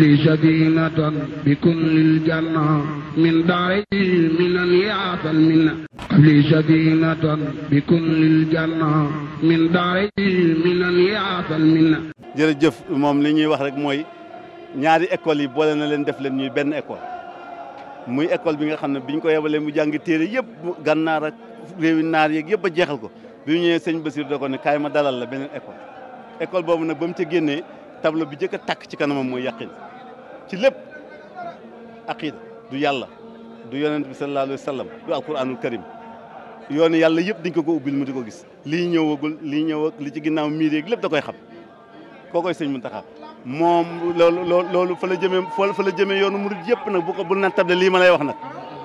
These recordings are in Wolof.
li sadinatan bi kullil janna min daari minan yaatal minna li sadinatan bi jërëjëf moom li ñuy wax rek mooy ñaari école yi boole na leen def leen ñuy benn école muy école bi nga xam ne biñ ko yebalee mu jàngi téere yëpp gànnaar ak réewi naar yeeg yëpp a jeexal ko bi mu ñëwee sëñ Basir da ne kaay ma dalal la beneen école école boobu nag ba mu ca génnee tableau bi njëkk takk tàkk ci kanamam mooy yaqin ci lépp aqida du yàlla du yonent bi sallallahu alayhi wa sallam du alquranul karim yoonu yàlla yëpp dañ ko ubbil mu di ko gis lii ñëwagul lii li ci ginnaaw miir yeeg lépp da koy xam koo koy sëñ Muntaxa moom loolu loolu fa la jëmee fa la jëmee yoonu murid yëpp nag bu ko bul na table lii ma wax nag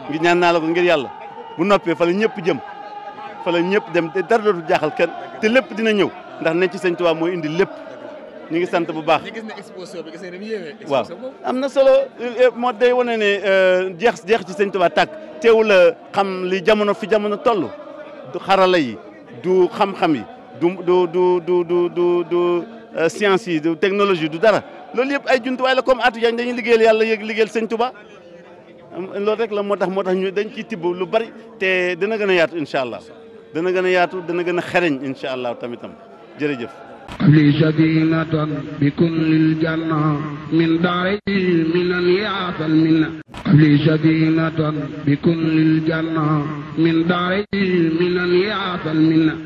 ngi ñaan naa la ko ngir yàlla bu noppee fa la ñëpp jëm fa la ñëpp dem te jaaxal kenn te lépp dina ñëw ndax ne ñu ngi sant bu baax. ñu gis ne exposition bi gis nañu yéeme. waaw am na solo euh, euh, moo day wone ne euh, jeex jeex ci sëñ Tuubaa tàkk teewul a xam li jamono fi jamono toll du xarala yi du xam-xam yi du du du du du du du science yi du technologie du dara loolu yëpp ay jumtuwaay la comme Atou Diagne dañu liggéeyal yàlla yëg liggéeyal sëñ Tuubaa loolu rek la moo tax moo tax ñu dañ ci tibb lu bari te dana gën a yaatu incha allah dana gën a yaatu dana gën a xereñ incha allah tamitam jërëjëf. li sadinatan bi kullil janna min daari minan yaatal minna li sadinatan bi kullil janna min daari minan yaatal minna